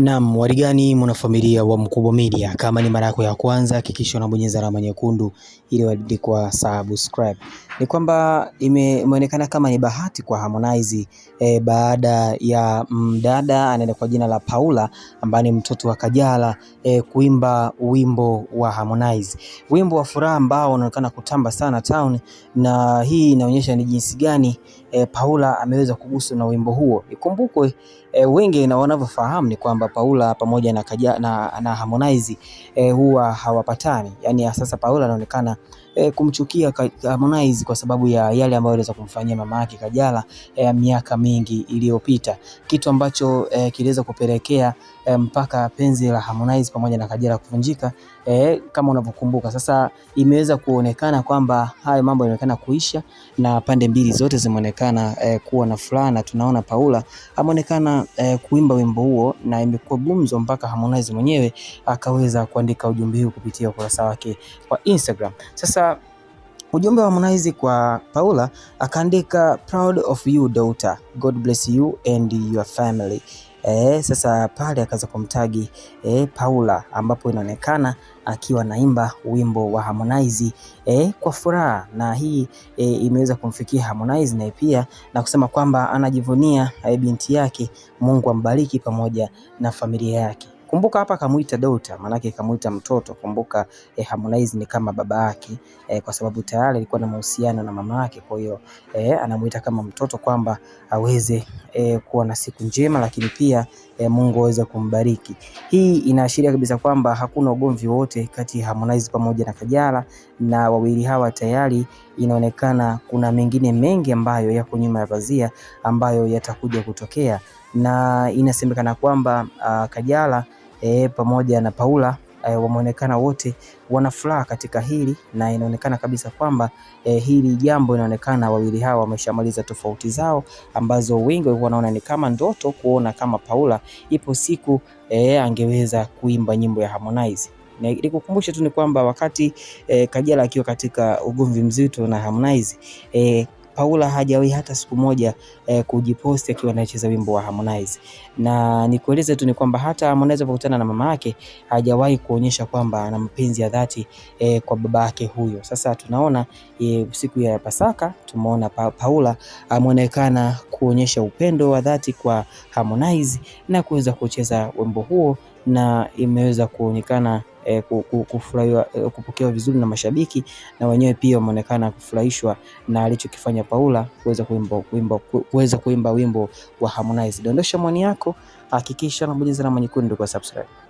Naam, warigani mwanafamilia wa Mkubwa Media, kama ni mara yako ya kwanza hakikisha unabonyeza alama nyekundu iliyoandikwa subscribe. Ni kwamba imeonekana kama ni bahati kwa Harmonize e, baada ya mdada mm, anaenda kwa jina la Paula ambaye ni mtoto wa Kajala e, kuimba wimbo wa Harmonize, wimbo wa furaha ambao unaonekana kutamba sana town, na hii inaonyesha ni jinsi gani e, Paula ameweza kuguswa na wimbo huo. Ikumbukwe e, wengi na wanavyofahamu ni kwamba kwamba Paula pamoja na, na, na Harmonize eh, huwa hawapatani. Yaani sasa Paula anaonekana e, kumchukia Harmonize kwa sababu ya yale ambayo aliweza kumfanyia mama yake Kajala e, miaka mingi iliyopita, kitu ambacho e, kiliweza kupelekea e, mpaka penzi la Harmonize pamoja na Kajala kuvunjika e, kama unavyokumbuka. Sasa imeweza kuonekana kwamba hayo mambo yanaonekana kuisha na pande mbili zote zimeonekana e, kuwa na furaha, na tunaona Paula ameonekana e, kuimba wimbo huo na imekuwa gumzo mpaka Harmonize mwenyewe akaweza kuandika ujumbe huu kupitia ukurasa wake wa Instagram. Sasa Ujumbe wa Harmonize kwa Paula akaandika proud of you daughter, God bless you and your family. Eh, sasa pale akaanza kumtagi eh, Paula ambapo inaonekana akiwa naimba wimbo wa Harmonize e, kwa furaha na hii e, imeweza kumfikia Harmonize naye pia na kusema kwamba anajivunia e, binti yake, Mungu ambariki pamoja na familia yake. Kumbuka hapa kamuita daughter maanake kamuita mtoto. Kumbuka eh, Harmonize ni kama baba yake eh, kwa sababu tayari alikuwa na mahusiano na mama yake, kwa hiyo eh, anamuita kama mtoto kwamba aweze eh, kuwa na siku njema, lakini pia eh, Mungu aweze kumbariki. Hii inaashiria kabisa kwamba hakuna ugomvi wote kati ya Harmonize pamoja na Kajala, na wawili hawa tayari inaonekana kuna mengine mengi ambayo yako nyuma ya pazia ambayo yatakuja kutokea, na inasemekana kwamba uh, Kajala e, pamoja na Paula e, wameonekana wote wana furaha katika hili na inaonekana kabisa kwamba e, hili jambo inaonekana wawili hawa wameshamaliza tofauti zao ambazo wengi walikuwa wanaona ni kama ndoto, kuona kama Paula ipo siku e, angeweza kuimba nyimbo ya Harmonize. Nikukumbushe tu ni kwamba wakati e, Kajala akiwa katika ugomvi mzito na Harmonize e, Paula hajawahi hata siku moja eh, kujiposti akiwa anacheza wimbo wa Harmonize. Na nikueleze tu ni kwamba hata Harmonize alipokutana na mama yake hajawahi kuonyesha kwamba ana mapenzi ya dhati eh, kwa baba yake huyo. Sasa tunaona eh, siku ya Pasaka tumeona pa, Paula ameonekana kuonyesha upendo wa dhati kwa Harmonize na kuweza kucheza wimbo huo na imeweza kuonekana eh, kufurahiwa eh, kupokewa vizuri na mashabiki na wenyewe pia wameonekana kufurahishwa na alichokifanya Paula kuweza kuimba kuimba kuweza kuimba wimbo wa Harmonize. Dondosha mwani yako, hakikisha unabonyeza alama nyekundu kwa subscribe.